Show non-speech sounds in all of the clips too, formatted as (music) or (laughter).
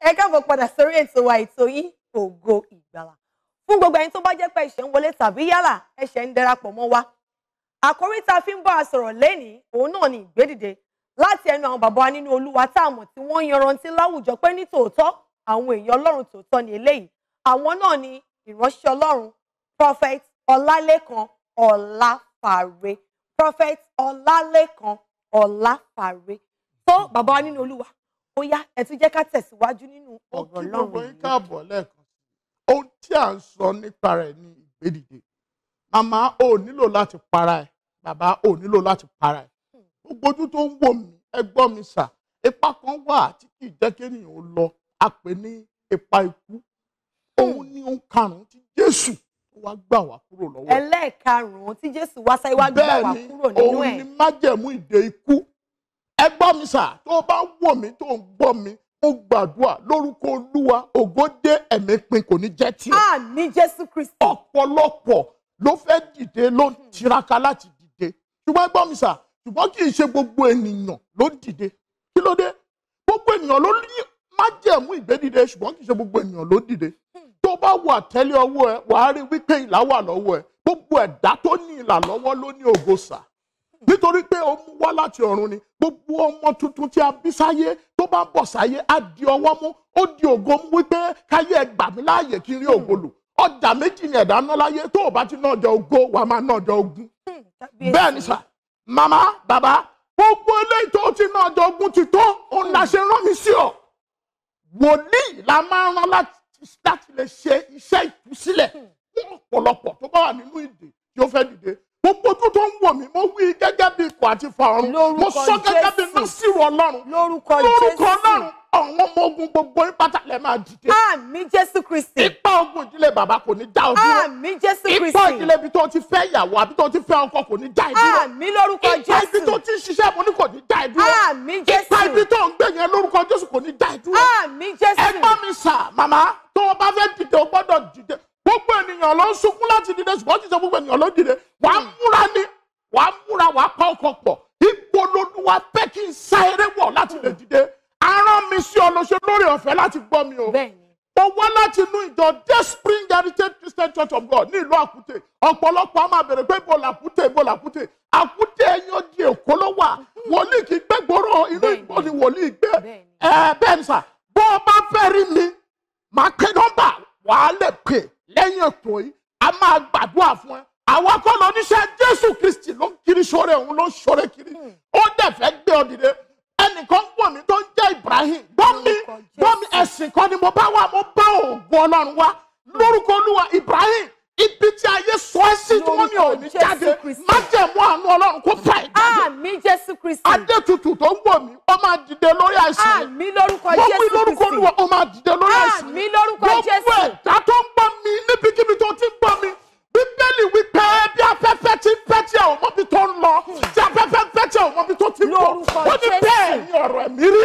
ẹ káàbọ̀ padà sórí ètò wa ètò yìí ògo ìgbàlà fún gbogbo ẹni tó bá jẹ́ pé ẹ̀ṣẹ̀ ń wọlé tàbí yálà ẹ̀ṣẹ̀ ń darapọ̀ mọ́ wa àkórí tá a fi ń bá a sọ̀rọ̀ lẹ́nìí òun náà ni ìgbédìde láti ẹnu àwọn bàbá wa nínú olúwa tá a mọ̀ tí wọ́n yanrantí láwùjọ pé ní tòótọ́ àwọn èèyàn ọlọ́run tòótọ́ ni eléyìí àwọn náà ni ìránṣẹ́ ọlọ́run prophet ọlálékan ọláfàre prophet ọlálékan ọláfàre tó bàbá wa nínú olúwa ó yá ẹ tún jẹ́ ká tẹ̀síwájú nínú ọ̀rọ̀ lọ́wọ́. ó kí gbogbo yín káàbọ̀ lẹ́ẹ̀kan ohun tí à ń sọ nípa rẹ̀ ní ìgbédìde màmá ò nílò láti para ẹ̀ bàbá ò nílò láti para ẹ̀ hmm. gbogbo ojú tó ń wò mí ẹ gbọ́ mi sà ipa kan wà tí kì í jẹ́ kéèyàn ó lọ a pè ní ipa ikú òun hmm. ni òun karùn-ún ti Jésù wá gbà wá kúrò lọ́wọ́. ẹlẹ́ẹ̀karùn-ún tí Jésù wá sáyé wá gbà wá kúrò nínú ẹ̀. bẹ́ẹ̀ òun ni májẹ̀mú ìdè ikú ẹ gbọ́ mi sà tó bá wò mí tó ń gbọ́ mi mo gbàdúrà lórúkọ olúwa ògòdé ẹ̀mí pin kò ní jẹ́ tiẹ̀. a ní jésù kristi. ọ̀pọ̀lọpọ̀ ló fẹ́ dìde ló ń hmm. tiraka láti dìde ṣùgbọ́n ẹ gbọ́ mi sà ṣùgbọ́n kì í ṣe gbogbo ènìyàn ló ń dìde kí ló dé gbogbo ènìyàn ló ní májẹ̀mú ìgbédìde ṣùgbọ́n kì í ṣe gbogbo ènìyàn ló dìde tó bá wà tẹ́lẹ̀ ọwọ́ ẹ wàá rí wípé ìlà wà lọ́wọ́ ẹ gbogbo ẹ̀dá tó ní ìlà lọ́wọ́ ló ní ògo sà nítorí pé ó mú wá láti ọ̀run ni gbogbo ọmọ tuntun tí a bí sáyé tó bá bọ̀ sáyé á di ọwọ́ mú ó di ògo mú wípé káyé ẹ gbà mí láàyè kí n rí ògo lò ọjà méjì ni ẹ̀dá ná láyé tó o bá ti ná ọjọ́ ògo wàá máa ná ọjọ́ ogun hmm, bẹ́ẹ̀ ni sà màmá bàbá gbogbo eléyìí tó ti ná ọjọ́ ogun ti tó òun la ṣe rán mi sí ọ wòlíì la máa ń rán láti lè ṣe iṣẹ́ ìtúsílẹ̀ fún ọ̀pọ̀lọpọ̀ tó bá wà nínú ìdè tí ó fẹ́ dìde gbogbo ojú tó ń wò mí mo wí gẹ́gẹ́ bí ikọ̀ àti fàrùn mo sọ gẹ́gẹ́ bí násìrò ọlọ́run lórúkọ ọlọ́run àwọn ọmọ ogun gbogbo ní pátá lẹ máa dìde. àmín jésù kristi. ipa ogun ìdílé bàbá kò ní já ojú rẹ. àmín jésù kristi. ipa ìdílé ibi tó ti fẹ́ ìyàwó àbí tó ti fẹ́ ọkọ kò ní já ìdí rẹ. lórúkọ jésù. ipa ibi tó ti ṣiṣẹ́ mo ní kò ní já ìdí rẹ. jésù. ipa ibi tó ń gbé yẹn lórúkọ jésù kò ní já ìdí rẹ. jésù. ẹ gbọ́ mi sà màmá tó o bá fẹ́ dìde o gbọ́dọ̀ dìde gbogbo ènìyàn ló ń sunkún láti dìde ṣùgbọ́n ti sọ gbogbo ènìyàn ló dìde wà á múra ni wà á múra wà á pa ọkọ̀ pọ̀ ipò lolúwa pé kí n sá eré wọ̀ láti lè dìde arán mi sí ọlọ́ṣẹ́ lórí ọ̀fẹ́ láti gbọ́ mi o mo wá láti inú ìjọ day spring heritage christian church of god ní ìlú àkúté ọ̀pọ̀lọpọ̀ a máa bèrè pé ibo làkúté ibo làkúté àkúté ẹ̀yàn di èkó ló wà hmm. wòlíì kì í gbé gbòòrò inú ìgbò ni wòlíì gbé ẹ bó o bá fẹ́ rí mi màá pe nọ́mbà wàá lè pè é lẹ́yìn ètò yìí a máa gbàdúrà fún ẹ àwa kọ́ lọ níṣẹ́ jésù kristi ló ń kiri sóre òun ló ń sóre kiri hmm. ó dẹ̀ fẹ́ gbé ọ dìde ẹnìkan wò mí tó ń jẹ́ ibrahim gbọ́ mi gbọ́ mi ẹ̀sìn kan ni mo bá wà mo bá òògùn ọlọ́run wa lórúkọ olúwa ibrahim ibi tí ayé sọ ẹ́ sí tí wọ́n ní òní jáde má jẹ̀mú àánú ọlọ́run kó fà ẹ́ àmì jésù kristi. adétutù tó ń wò mí ó máa dìde lórí àìsàn. àmì lórúkọ jésù kristi. wọ́n wí lórúkọ olúwa ó máa dìde lórí àìsàn. àmì lórúkọ ti gbọ́ ó ti bẹ́ẹ̀ ni ọ̀rọ̀ ẹ̀mí rí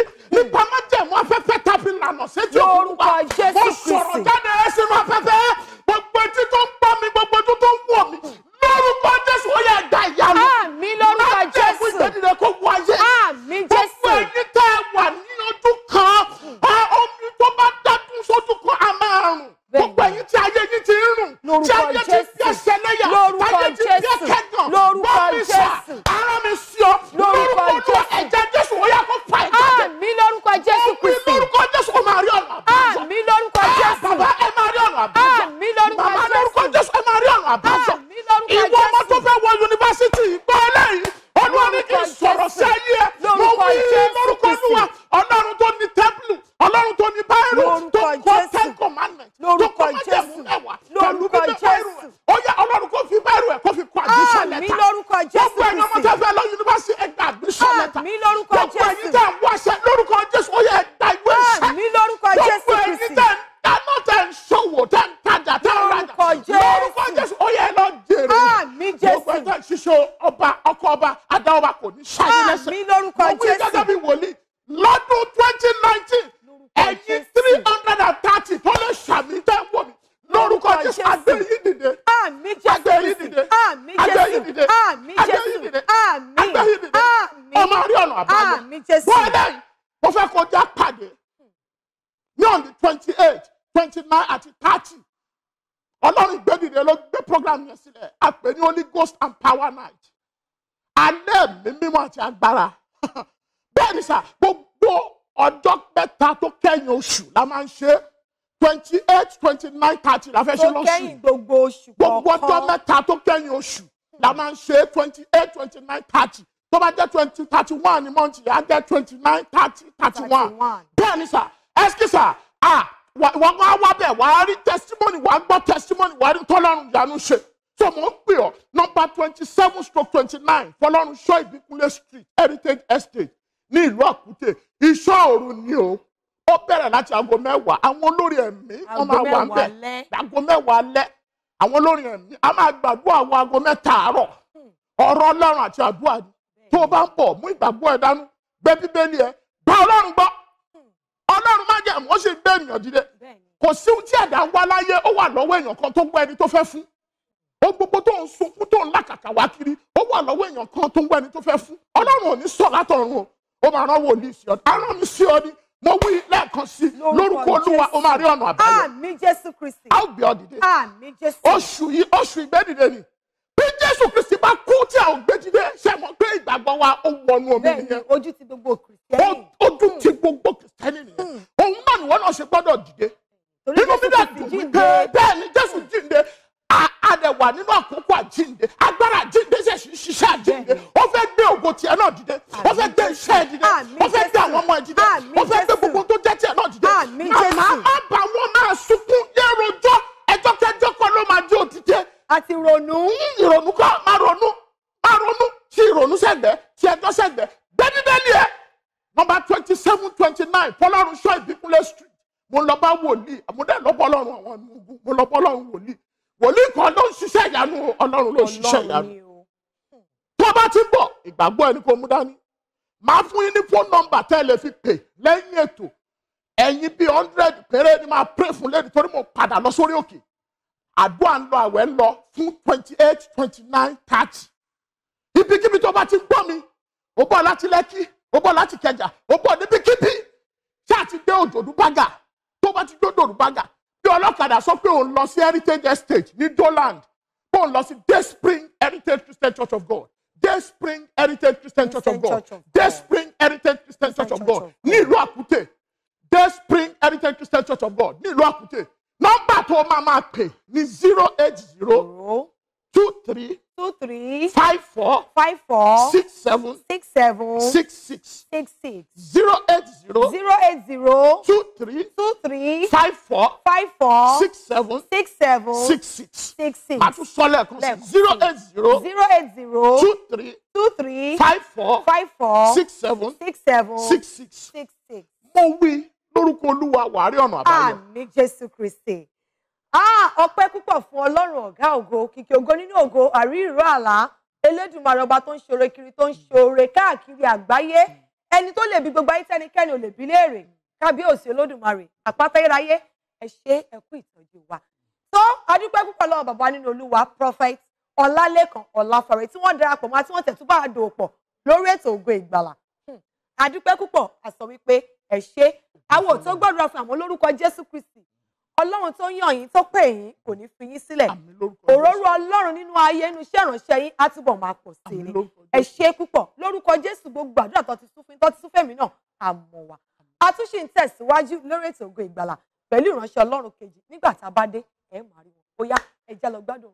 ọba adáọba kò ní ṣáyé lẹ́sẹ̀. àmì lórúkọ jésù. mo wí gẹ́gẹ́ bí wòlíì lọ́dún twenty nineteen ẹ̀yin three hundred and thirty tó lè ṣàmì tẹ́ ń wò mí lórúkọ jésù agbé yìí dìde. àmì jésù agbé yìí dìde. àmì jésù àmì jésù àmì agbé yìí dìde. ọmọ orí ọ̀nà àbáyọ. àmì jésù. bọ́ọ̀lẹ́ mo fẹ́ kọjá pàdé ní ọ̀nì twenty eight twenty nine àti thirty ọlọ́run ìgbẹ́dìde ló gbé program yẹn sílẹ̀ àpè ní holy ghost and power night adé mi mímọ́ àti agbára (laughs) bẹ́ẹ̀ ni sà gbogbo ọjọ́ mẹ́ta tó kẹ́yìn oṣù la máa ń ṣe twenty eight twenty nine thirty la fẹ́ ṣe lọ́sùn tó kẹ́yìn gbogbo oṣù kọ̀ọ̀kan gbogbo ọjọ́ mẹ́ta tó kẹ́yìn oṣù la máa ń ṣe twenty eight twenty nine thirty tó bá jẹ́ twenty thirty one ní mọ́ǹtì yà á jẹ́ twenty nine thirty thirty one bẹ́ẹ̀ ni sà ẹ́sìkì sà à wọ́n wá wá bẹ̀ wá rí testimony wá gbọ́ testimony wá rí tọ́lọ́run ìyanu ṣe so mo ń pè ọ́ nọ́mbà twenty seven stroke twenty nine fọlọ́runṣọ́ ìbíkúnlé street heritage estate ní ìlú àkútè iṣọ́ òru ni o ó bẹ̀rẹ̀ láti aago mẹ́wàá àwọn olórí ẹ̀mí wọ́n máa wà ńbẹ̀ aago mẹ́wàá lẹ́ àwọn olórí ẹ̀mí a máa gbàdúrà àwọn aago mẹ́ta àárọ̀ hmm. ọ̀rọ̀ ọlọ́run àti àdúrà tó o bá ń bọ̀ mú ìgbàgbọ́ ẹ dánú gbé bíbélì ẹ bá ọlọ́run gbọ́ hmm. ọlọ́run má jẹ́ àmọ́ ó sì gbé ènìyàn dìde kò sí ohun tí ẹ̀dá ń wá láyé ó wà lọ́wọ́ èèyàn kan tó gbọ́ ẹni tó fẹ́ fún ó gbogbo tó ń sunkún tó ń làkàkà wá kiri ó wà lọ́wọ́ èèyàn kan tó ń wẹ́ni tó fẹ́ fún ọlọ́run ò ní sọ látọ̀run ó máa rán wòlíì sí ọ arán mi sí ọ ni mo wí lẹ́ẹ̀kan sí lórúkọ olúwa ó máa rí ọ̀nà àbáyọ àmín jésù kristi á jésù oṣù yìí oṣù ìgbẹ́dìde ni bí jésù kristi bá kú tí a ò gbé ṣe mọ̀ pé ìgbàgbọ́ wa ó wọnú omi nìyẹn ojú ti ojú ti gbogbo kìrìsìtẹ́nì wà nínú àkókò àjínde agbára àjínde ṣe ṣiṣẹ́ àjínde ó fẹ́ gbé ògo tiẹ̀ náà dìde ó fẹ́ gbé iṣẹ́ ẹ̀ dìde ó fẹ́ gbé àwọn ọmọ ẹ̀ dìde ó fẹ́ gbé gbogbo tó jẹ́ tiẹ̀ náà dìde màmá má bà wọ́n máa sunkún yé rojọ́ ẹjọ́ kẹjọ́ kan ló máa jẹ́ òtítẹ́. àti ronú. ìrònú kọ́ máa ronú máa ronú ti ìrònú sẹ́gbẹ́ ti ẹjọ́ sẹ́gbẹ́ gbẹ́dídẹ́lì ẹ̀ nọmba twenty seven twenty nine fọlọ́run ṣọ́ ìbíkúnlẹ̀ street mo lọ bá wòlíì àmúdẹ́ lọ́pọ̀ ọlọ́run àwọn ọmọ ogun mo lọ bá ọlọ́run wòlíì wòlíì kan ló ń ṣiṣẹ́ ìyanu ọlọ́run ló ń ṣiṣẹ́ ìyanu tó bá ti ń bọ̀ ìgbàgbọ́ ẹni kò mú dání máa fún yín ní fóònù nọ́mbà tẹ́lẹ̀ fi pè lẹ́yìn ètò ẹ̀yin bíi hundred péré ni máa pray fún lẹ́nu torí mo padà lọ sórí òkè àdúrà ń lọ àwẹ̀ ń lọ fún twenty eight twenty nine thirty ibikíbi tó bá ti ń gbọ́ mi ó bọ̀ láti lẹ́kí ó bọ̀ láti kẹjà ó bọ̀ níbikíbi ṣáà ti dé òjòdú bága tó bá ti dé òjòdú ọlọ́kadà sọ pé òun lọ sí heritage estate ní doland pé òun lọ sí day spring heritage christian church of god day spring heritage christian church of god day spring heritage christian church of god ní ìlú àkútè day spring heritage christian church of god ní ìlú àkútè nọ́mbà tó máa máa pè ní zero eight zero two three two three five four five four six seven six seven six six six six zero eight zero. zero eight zero. two three. two three. five four. five four. six seven. six seven. six six. six six. màá tún sọ lẹ́ẹ̀kan zero eight zero. zero eight zero. two three. two three. five four. five four. six seven. six seven. six six. six six. mo wí lórúkọ olúwa wàárí ọ̀nà àbáyọ. àmín jésù kristi. Ah, ọpẹ́ púpọ̀ fún Ọlọ́run ọ̀gá ògo kìkì ògo nínú ògo àrí ìró àlá Elédùmarè ọba tó ń ṣoore kiri tó ń ṣoore káàkiri àgbáyé ẹni tó lè bi gbogbo ayé tẹ́nikẹ́ni ò lè bi léèrè kábíyèsí olódùmarè àpátáyéráyé ẹ ṣe ẹ kú ìtọ́jú wa. tó adúpẹ́ púpọ̀ lọ́wọ́ bàbá nínú olúwa prophet ọlálẹ́kan ọláfàrẹ tí wọ́n darapọ̀ mọ́ àti wọ́n tẹ̀tún bá àdó pọ̀ lórí ètò ògo ìgbàlà. Hmm, adúpẹ́ púpọ̀ àsọ wípé ẹ ṣe àwọn ò tó gbọ́dọ̀ fún àwọn lórúkọ jésù kristi ọlọ́run tó yàn yín tó pè yín kò ní fi yín sílẹ̀ òróró ọlọ́run nínú ayé inú iṣẹ́ ìránṣẹ́ yín á túbọ̀ máa pọ̀ sí i ẹ ṣe púpọ̀ lórúkọ jésù gbogbo àdúrà tó ti fẹ́mi náà àmọ́ wa àtúnṣe ń tẹ̀síwájú lórí ètò Ògo Ìgbàlà pẹ̀lú ìránṣẹ́ Ọlọ́run kejì nígbà tá a bá dé ẹ̀ máa rí wọn bóyá ẹ já lọ gbádùn